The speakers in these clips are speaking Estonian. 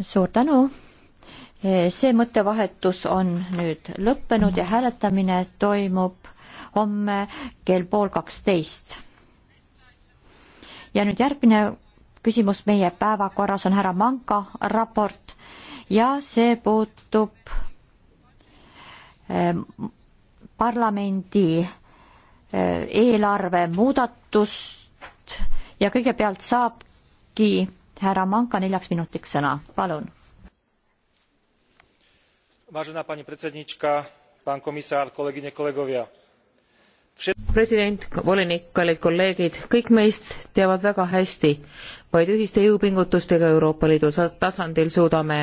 suur tänu. see mõttevahetus on nüüd lõppenud ja hääletamine toimub homme kell pool kaksteist. ja nüüd järgmine küsimus meie päevakorras on härra Manka raport ja see puutub eh, parlamendi eh, eelarve muudatust ja kõigepealt saabki härra Manka neljaks minutiks sõna, palun. president, volinik, kallid kolleegid, kõik meist teavad väga hästi, vaid ühiste jõupingutustega Euroopa Liidu tasandil suudame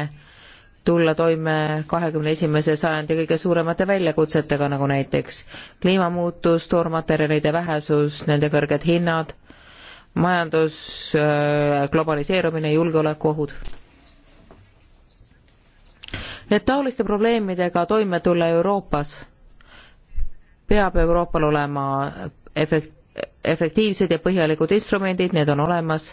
tulla toime kahekümne esimese sajandi kõige suuremate väljakutsetega, nagu näiteks kliimamuutus, toormaterjalide vähesus, nende kõrged hinnad, majandus, äh, globaliseerumine, julgeolekuohud. et taoliste probleemidega toime tulla Euroopas, peab Euroopal olema efekt-, efektiivsed ja põhjalikud instrumendid, need on olemas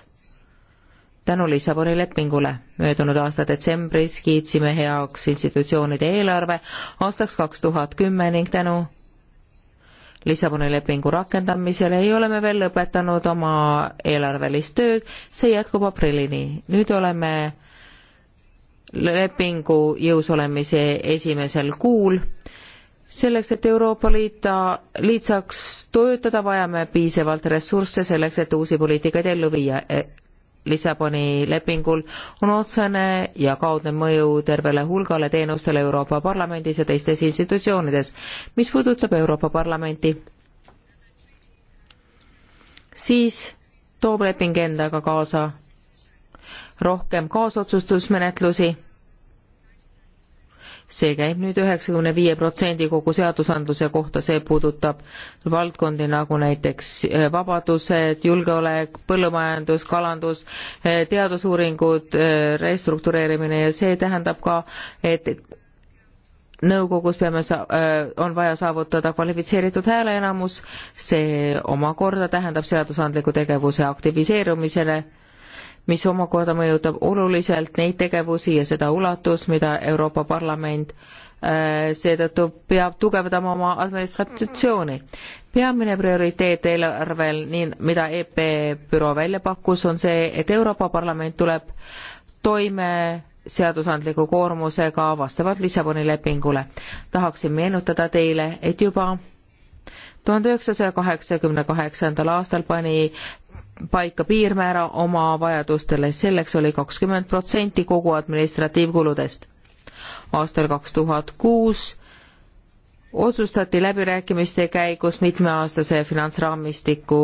tänu Lissaboni lepingule. möödunud aasta detsembris kiitsime heaks institutsioonide eelarve aastaks kaks tuhat kümme ning tänu Lissaboni lepingu rakendamisel ei ole me veel lõpetanud oma eelarvelist tööd, see jätkub aprillini. nüüd oleme lepingu jõus olemise esimesel kuul. selleks, et Euroopa Liita, Liit saaks töötada, vajame piisavalt ressursse selleks, et uusi poliitikaid ellu viia, Lissaboni lepingul on otsene ja kaudne mõju tervele hulgale teenustele Euroopa Parlamendis ja teistes institutsioonides. mis puudutab Euroopa Parlamenti, siis toob leping endaga kaasa rohkem kaasotsustusmenetlusi see käib nüüd üheksakümne viie protsendi kogu seadusandluse kohta, see puudutab valdkondi nagu näiteks eh, vabadused, julgeolek, põllumajandus, kalandus, eh, teadusuuringud, eh, restruktureerimine ja see tähendab ka, et nõukogus peame sa-, on vaja saavutada kvalifitseeritud hääleenamus, see omakorda tähendab seadusandliku tegevuse aktiviseerumisele äh, mis omakorda mõjutab oluliselt neid tegevusi ja seda ulatust, mida Euroopa Parlament äh, seetõttu peab tugevdama oma administratsiooni. peamine prioriteet eelarvel, nii, mida EP büroo välja pakkus, on see, et Euroopa Parlament tuleb toime seadusandliku koormusega vastavalt Lissaboni lepingule. tahaksin meenutada teile, et juba tuhande üheksasaja kaheksakümne kaheksandal aastal pani paika piirmäära oma vajadustele, selleks oli kakskümmend protsenti kogu administratiivkuludest. aastal kaks tuhat kuus otsustati läbirääkimiste käigus mitmeaastase finantsraamistiku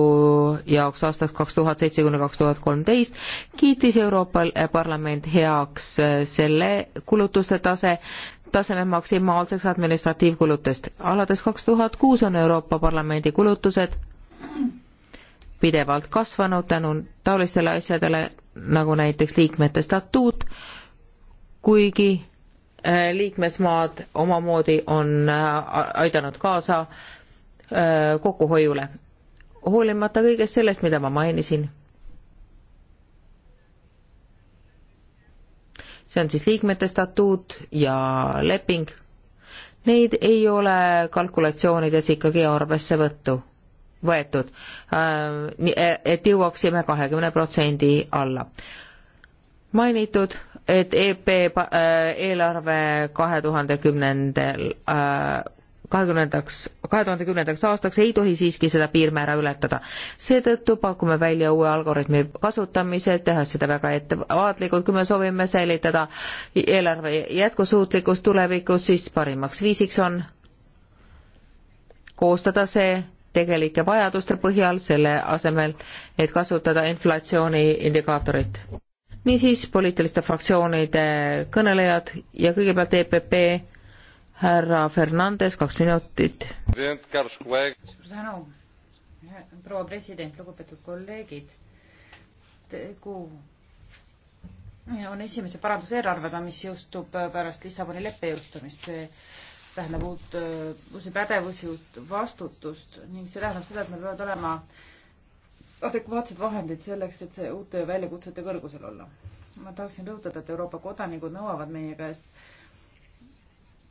jaoks aastaks kaks tuhat seitse kuni kaks tuhat kolmteist, kiitis Euroopa Parlament heaks äh, selle kulutuste tase, taseme maksimaalseks administratiivkulutest. alates kaks tuhat kuus on Euroopa Parlamendi kulutused pidevalt kasvanud tänu taolistele asjadele, nagu näiteks liikmete statuut, kuigi äh, liikmesmaad omamoodi on äh, aidanud kaasa äh, kokkuhoiule. hoolimata kõigest sellest, mida ma mainisin. see on siis liikmete statuut ja leping. Neid ei ole kalkulatsioonides ikkagi arvesse võttu võetud, äh, e, et jõuaksime kahekümne protsendi alla. mainitud, et EP äh, eelarve kahe tuhande kümnendal äh, kahekümnendaks, kahe tuhande kümnendaks aastaks ei tohi siiski seda piirmäära ületada. seetõttu pakume välja uue algoritmi kasutamise, tehes seda väga ettevaatlikult, kui me soovime säilitada eelarve jätkusuutlikkust tulevikus, siis parimaks viisiks on koostada see tegelike vajaduste põhjal, selle asemel, et kasutada inflatsiooniindikaatorit. niisiis, poliitiliste fraktsioonide kõnelejad ja kõigepealt EPP härra Fernandes, kaks minutit. suur tänu, proua president, lugupeetud kolleegid. kuu on esimese paranduseelarvega, mis jõustub pärast Lissaboni leppe jõustumist. see tähendab uut, äh, uusi pädevusi, uut vastutust ning see tähendab seda, et meil peavad olema adekvaatsed vahendid selleks, et see uute väljakutsete kõrgusel olla. ma tahaksin rõhutada, et Euroopa kodanikud nõuavad meie käest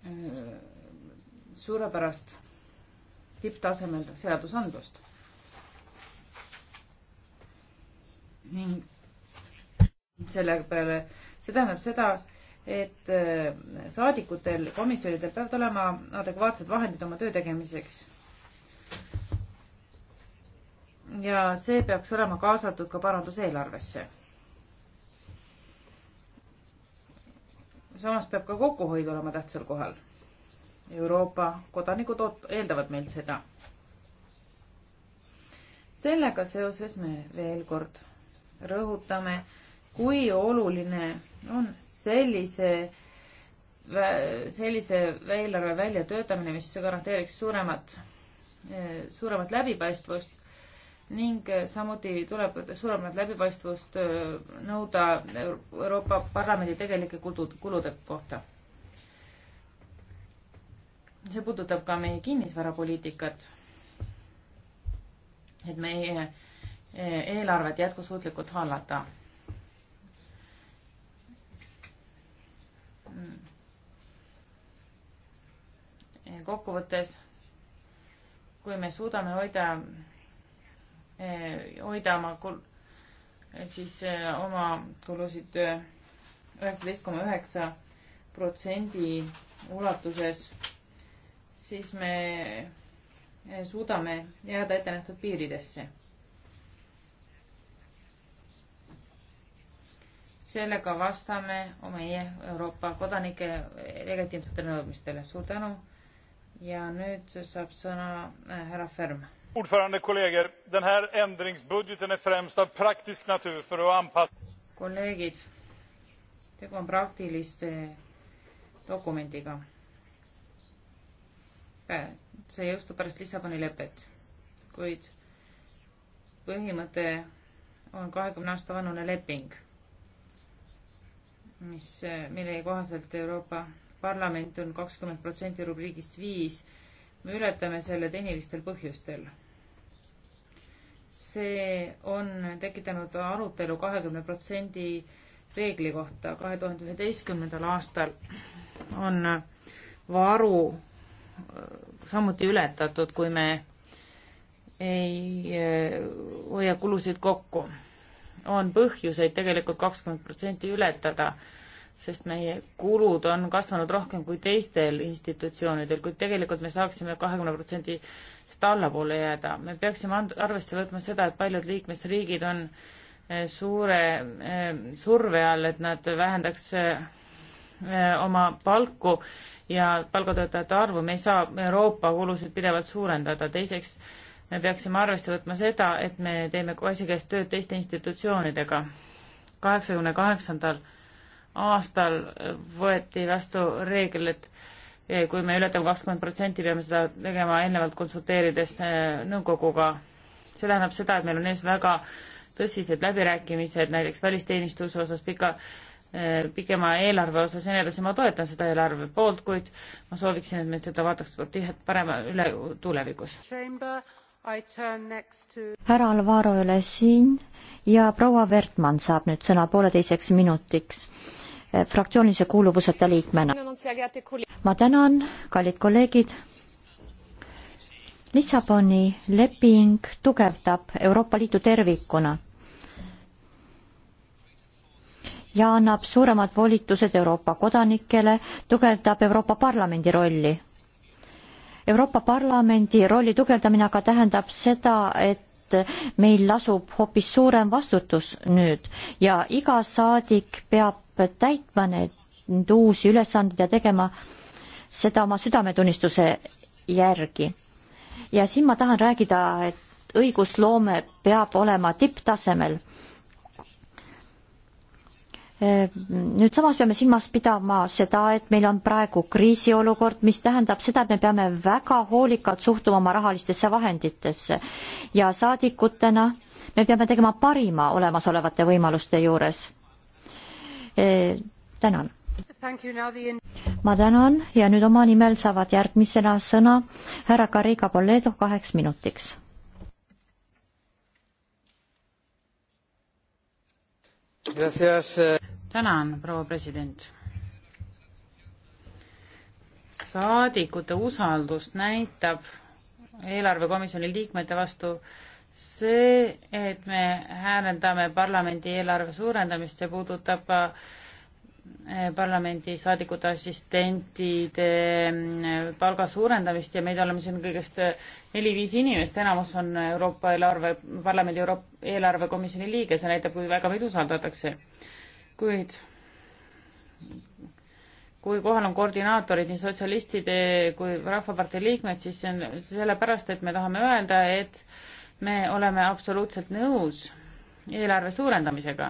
äh, suurepärast tipptasemel seadusandlust. ning selle peale, see tähendab seda, et äh, saadikutel, komisjonidel peavad olema adekvaatsed vahendid oma töö tegemiseks. ja see peaks olema kaasatud ka paranduseelarvesse. samas peab ka kokkuhoid olema tähtsal kohal. Euroopa kodanikud oot-, eeldavad meilt seda. sellega seoses me veel kord rõhutame, kui oluline on sellise, sellise eelarve väljatöötamine, mis garanteeriks suuremat, eh, suuremat läbipaistvust ning eh, samuti tuleb suuremat läbipaistvust eh, nõuda Euroopa Parlamendi tegelike kulude kohta. see puudutab ka meie kinnisvarapoliitikat. et meie eelarvet jätkusuutlikult hallata kokkuvõttes, kui me suudame hoida, eh, hoida oma kul-, eh, siis eh, oma kulusid üheksateist koma üheksa protsendi ulatuses, siis me suudame jääda ettenähtud piiridesse sellega vastame meie Euroopa kodanike legitiimsetele nõudmistele. suur tänu ja nüüd saab sõna äh, härra Ferm. Ordförande kolleger, den här ändringsbudgeten är främst av praktisk natur för att anpassa kolleegid, tegu on praktiliste dokumendiga. Äh, see jõustub pärast Lissaboni lepet, kuid põhimõte on kahekümne aasta vanune leping, mis, äh, mille kohaselt Euroopa parlament on kakskümmend protsenti rubriigist viis, me ületame selle tehnilistel põhjustel. see on tekitanud arutelu kahekümne protsendi reegli kohta. kahe tuhande üheteistkümnendal aastal on varu äh, samuti ületatud, kui me ei äh, hoia kulusid kokku. on põhjuseid tegelikult kakskümmend protsenti ületada sest meie kulud on kasvanud rohkem kui teistel institutsioonidel, kuid tegelikult me saaksime kahekümne protsendist allapoole jääda. me peaksime arvesse võtma seda, et paljud liikmesriigid on eh, suure eh, surve all, et nad vähendaks eh, oma palku ja palgatöötajate arvu, me ei saa Euroopa kulusid pidevalt suurendada, teiseks me peaksime arvesse võtma seda, et me teeme asjakäest tööd teiste institutsioonidega. kaheksakümne kaheksandal aastal võeti vastu reegel, et eh, kui me ületame kakskümmend protsenti, peame seda tegema eelnevalt konsulteerides eh, nõukoguga. see tähendab seda, et meil on ees väga tõsised läbirääkimised näiteks välisteenistuse osas pika eh, pikema eelarve osas ja nii edasi, ma toetan seda eelarve poolt, kuid ma sooviksin, et me seda vaataks parema üle tulevikus härra Alvaro ei ole siin ja proua Wertmann saab nüüd sõna pooleteiseks minutiks eh, fraktsioonilise kuuluvuseta liikmena. ma tänan, kallid kolleegid. Lissaboni leping tugevdab Euroopa Liitu tervikuna ja annab suuremad volitused Euroopa kodanikele, tugevdab Euroopa Parlamendi rolli Euroopa Parlamendi rolli tugevdamine aga tähendab seda, et meil lasub hoopis suurem vastutus nüüd ja iga saadik peab täitma need uusi ülesanded ja tegema seda oma südametunnistuse järgi. ja siin ma tahan rääkida, et õigusloome peab olema tipptasemel Ehm, nüüd samas peame silmas pidama seda, et meil on praegu kriisiolukord, mis tähendab seda, et me peame väga hoolikalt suhtuma oma rahalistesse vahenditesse ja saadikutena me peame tegema parima olemasolevate võimaluste juures e,. tänan. ma tänan ja nüüd oma nimel saavad järgmisena sõna härra Kariga Polledo kaheks minutiks Gracias. Eh tänan, proua president. saadikute usaldust näitab eelarvekomisjoni liikmete vastu see, et me hääletame parlamendi eelarve suurendamist, see puudutab eh, parlamendisaadikute assistentide eh, palga suurendamist ja meid oleme siin kõigest eh, neli-viis inimest, enamus on Euroopa eelarve, parlamendi Euroopa eelarvekomisjoni liige, see näitab, kui väga meid usaldatakse kuid kui kohal on koordinaatorid, nii sotsialistide eh, kui Rahvapartei liikmed, siis see on sellepärast, et me tahame öelda, et me oleme absoluutselt nõus eelarve suurendamisega.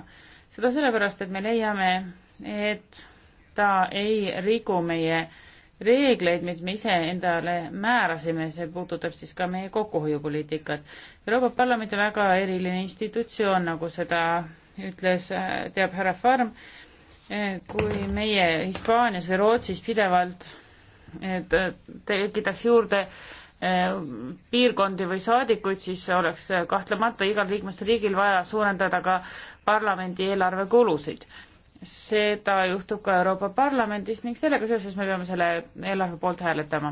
seda sellepärast, et me leiame, et ta ei rigu meie reegleid, mis me ise endale määrasime, see puudutab siis ka meie kokkuhoiupoliitikat. Euroopa Parlament on väga eriline institutsioon, nagu seda ütles, äh, teab härra Farm, äh, kui meie Hispaanias ja Rootsis pidevalt äh, tekitaks juurde piirkondi või saadikuid, siis oleks kahtlemata igal liikmesriigil vaja suurendada ka parlamendi eelarvekulusid. seda juhtub ka Euroopa Parlamendis ning sellega seoses me peame selle eelarve poolt hääletama.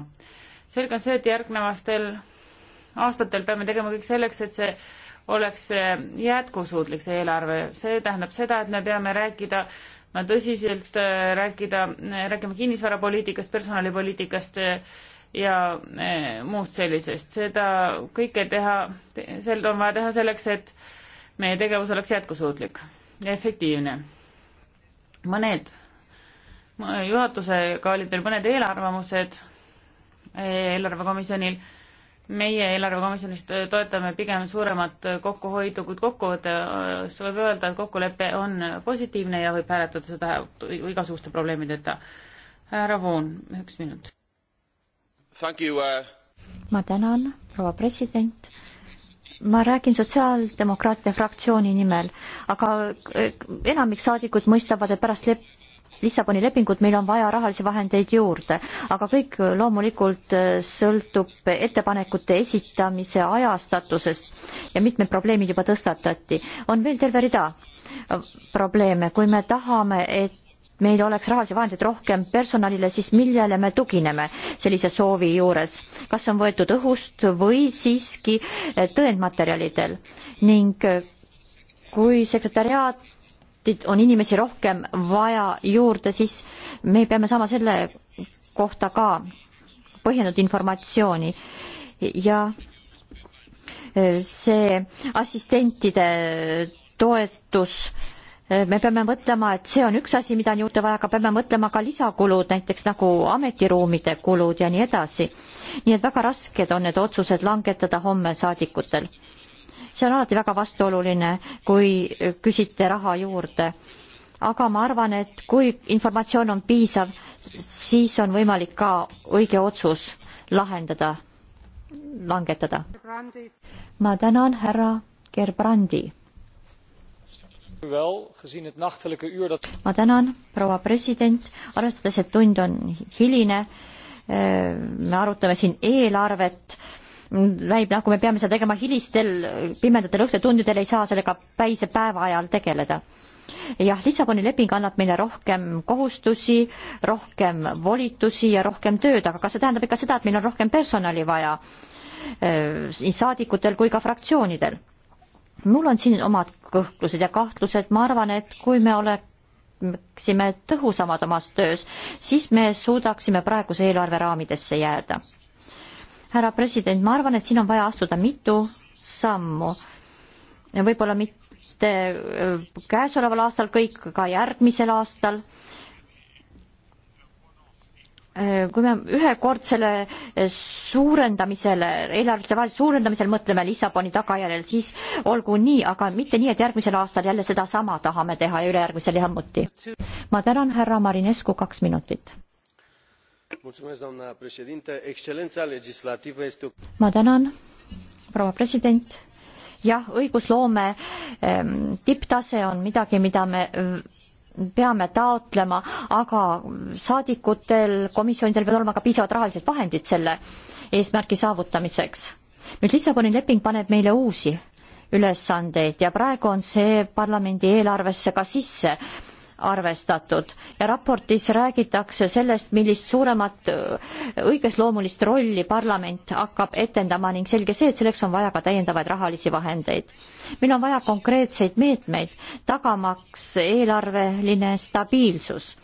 selge on see, et järgnevatel aastatel peame tegema kõik selleks, et see oleks jätkusuutlik, see eelarve. see tähendab seda, et me peame rääkida ma tõsiselt äh, rääkida, räägime kinnisvarapoliitikast, personalipoliitikast äh, ja äh, muust sellisest. seda kõike teha, seda on vaja teha selleks, et meie tegevus oleks jätkusuutlik ja efektiivne. mõned, juhatusega olid meil mõned eelarvamused eelarvekomisjonil meie eelarvekomisjonis toetame pigem suuremat kokkuhoidu, kuid kokkuvõttes äh, võib öelda, et kokkulepe on positiivne ja võib hääletada seda igasuguste probleemideta. härra Voon, üks minut. Uh, ma tänan, proua president. ma räägin sotsiaaldemokraatide fraktsiooni nimel, aga äh, enamik saadikud mõistavad, et pärast lep-, Lissaboni lepingut, meil on vaja rahalisi vahendeid juurde, aga kõik loomulikult äh, sõltub ettepanekute esitamise ajastatusest ja mitmed probleemid juba tõstatati. on veel terve rida äh, probleeme, kui me tahame, et meil oleks rahalisi vahendeid rohkem personalile, siis millele me tugineme sellise soovi juures? kas on võetud õhust või siiski äh, tõendmaterjalidel? ning kui sekretäriaat ametit on inimesi rohkem vaja juurde, siis me peame saama selle kohta ka põhjendatud informatsiooni ja e, see assistentide toetus e, me peame mõtlema, et see on üks asi, mida on juurde vaja, aga peame mõtlema ka lisakulud, näiteks nagu ametiruumide kulud ja nii edasi. nii et väga rasked on need otsused langetada homme saadikutel see on alati väga vastuoluline, kui küsite raha juurde. aga ma arvan, et kui informatsioon on piisav, siis on võimalik ka õige otsus lahendada, langetada. ma tänan härra Gerbrandi. ma tänan, proua president, arvestades, et tund on hiline, me arutame siin eelarvet näib nagu me peame seda tegema hilistel pimedatel õhtutundidel, ei saa sellega päise päeva ajal tegeleda. jah, Lissaboni leping annab meile rohkem kohustusi, rohkem volitusi ja rohkem tööd, aga kas see tähendab ikka seda, et meil on rohkem personali vaja äh, nii saadikutel kui ka fraktsioonidel? mul on siin omad kõhklused ja kahtlused, ma arvan, et kui me oleks oleksime tõhusamad omas töös, siis me suudaksime praeguse eelarve raamidesse jääda härra president, ma arvan, et siin on vaja astuda mitu sammu. võib-olla mitte äh, käesoleval aastal kõik, ka järgmisel aastal. Äh, kui me ühekordsele äh, suurendamisele, eelarvete vahel suurendamisel mõtleme Lissaboni tagajärjel, siis olgu nii, aga mitte nii, et järgmisel aastal jälle sedasama tahame teha ja ülejärgmisel samuti. ma tänan härra Marinescu, kaks minutit doamnă președintă excelența legislativă este o. ma tänan proua president jah õigusloome tipptase on midagi mida me peame taotlema aga saadikutel komisjonidel peavad olema ka piisavad rahalised vahendid selle eesmärgi saavutamiseks nüüd Lissaboni leping paneb meile uusi ülesandeid ja praegu on see parlamendi eelarvesse ka sisse arvestatud ja raportis räägitakse sellest, millist suuremat äh, õigusloomulist rolli parlament hakkab etendama ning selge see, et selleks on vaja ka täiendavaid rahalisi vahendeid. meil on vaja konkreetseid meetmeid, tagamaks eelarveline stabiilsus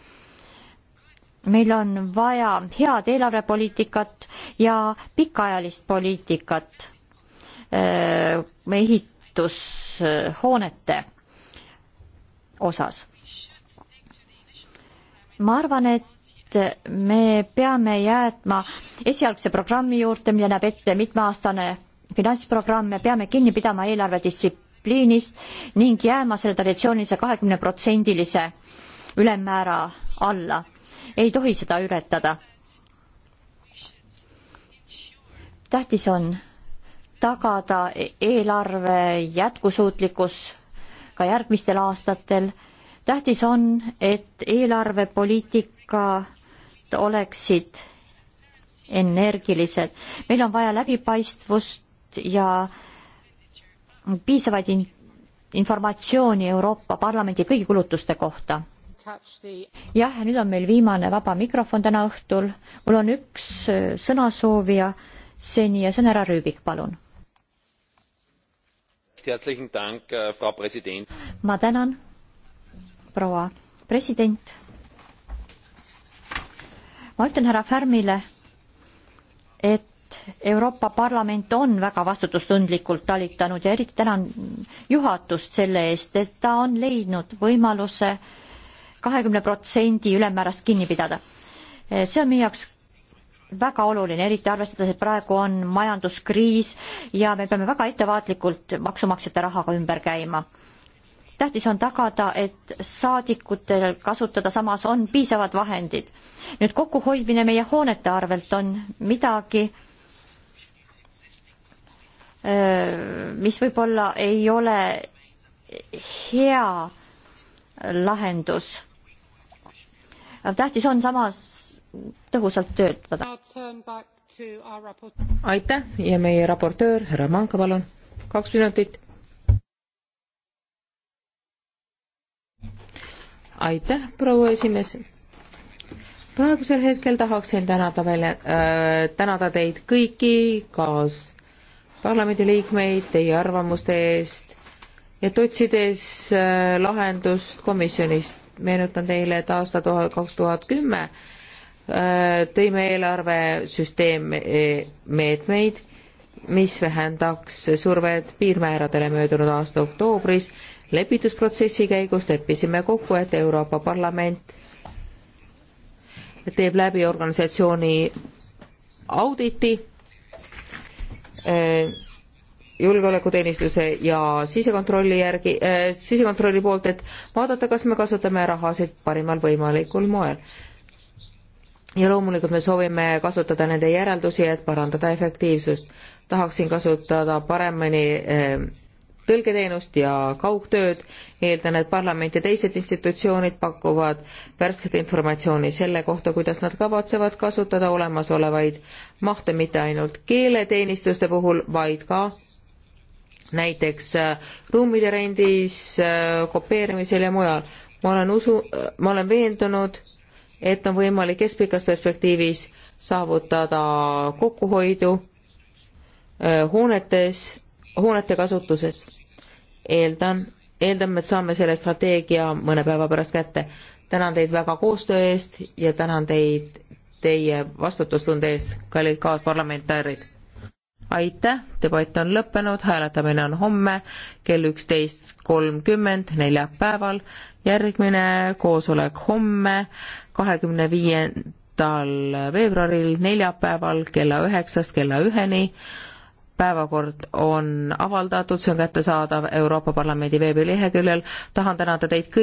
meil on vaja head eelarvepoliitikat ja pikaajalist poliitikat äh, ehitushoonete osas ma arvan, et me peame jäätma esialgse programmi juurde, mille näeb ette mitmeaastane finantsprogramm, me peame kinni pidama eelarvedistsipliinist ning jääma selle traditsioonilise kahekümne protsendilise ülemmäära alla. ei tohi seda ületada. tähtis on tagada eelarve jätkusuutlikkus ka järgmistel aastatel tähtis on, et eelarvepoliitikad oleksid energilised. meil on vaja läbipaistvust ja piisavaid in-, informatsiooni Euroopa Parlamendi kõigi kulutuste kohta. jah, ja nüüd on meil viimane vaba mikrofon täna õhtul. mul on üks äh, sõnasoovija seni ja see on härra Rüübik, palun. Äh, ma tänan proua president. ma ütlen härra Färmile, et Euroopa Parlament on väga vastutustundlikult talitanud ja eriti tänan juhatust selle eest, et ta on leidnud võimaluse kahekümne protsendi ülemmäärast kinni pidada. see on meie jaoks väga oluline, eriti arvestades, et praegu on majanduskriis ja me peame väga ettevaatlikult maksumaksjate rahaga ümber käima tähtis on tagada, et saadikutel kasutada samas on piisavad vahendid. nüüd kokkuhoidmine meie hoonete arvelt on midagi, mis võib-olla ei ole hea lahendus. tähtis on samas tõhusalt töötada. aitäh ja meie raportöör härra Manka, palun, kaks minutit aitäh, proua esimees. praegusel hetkel tahaksin tänada välja äh,, tänada teid kõiki, kaas parlamendiliikmeid teie arvamuste eest, et otsides äh, lahendust komisjonist. meenutan teile, et aasta kaks tuhat kümme äh, tõime eelarvesüsteemi e, meetmeid, mis vähendaks survet piirmääradele möödunud aasta oktoobris lepitusprotsessi käigus leppisime kokku, et Euroopa Parlament teeb läbi organisatsiooni auditi eh, julgeolekuteenistuse ja sisekontrolli järgi äh,, sisekontrolli poolt, et vaadata, kas me kasutame rahasid parimal võimalikul moel. ja loomulikult me soovime kasutada nende järeldusi, et parandada efektiivsust. tahaksin kasutada paremini äh, tõlgeteenust ja kaugtööd. eeldan, et parlament ja teised institutsioonid pakuvad värsket informatsiooni selle kohta, kuidas nad kavatsevad kasutada olemasolevaid mahte mitte ainult keeleteenistuste puhul, vaid ka näiteks äh, ruumide rendis, äh, kopeerimisel ja mujal. ma olen usu, ma olen veendunud, et on võimalik keskpikas perspektiivis saavutada kokkuhoidu äh, hoonetes hoonete kasutuses. eeldan, eeldame, et saame selle strateegia mõne päeva pärast kätte. tänan teid väga koostöö eest ja tänan teid teie vastutustunde eest, kallid kaasparlamentäärid. aitäh, debatt on lõppenud, hääletamine on homme kell üksteist kolmkümmend neljapäeval, järgmine koosolek homme, kahekümne viiendal veebruaril neljapäeval kella üheksast kella üheni päevakord on avaldatud, see on kättesaadav Euroopa Parlamendi veebileheküljel. tahan tänada teid kõiki.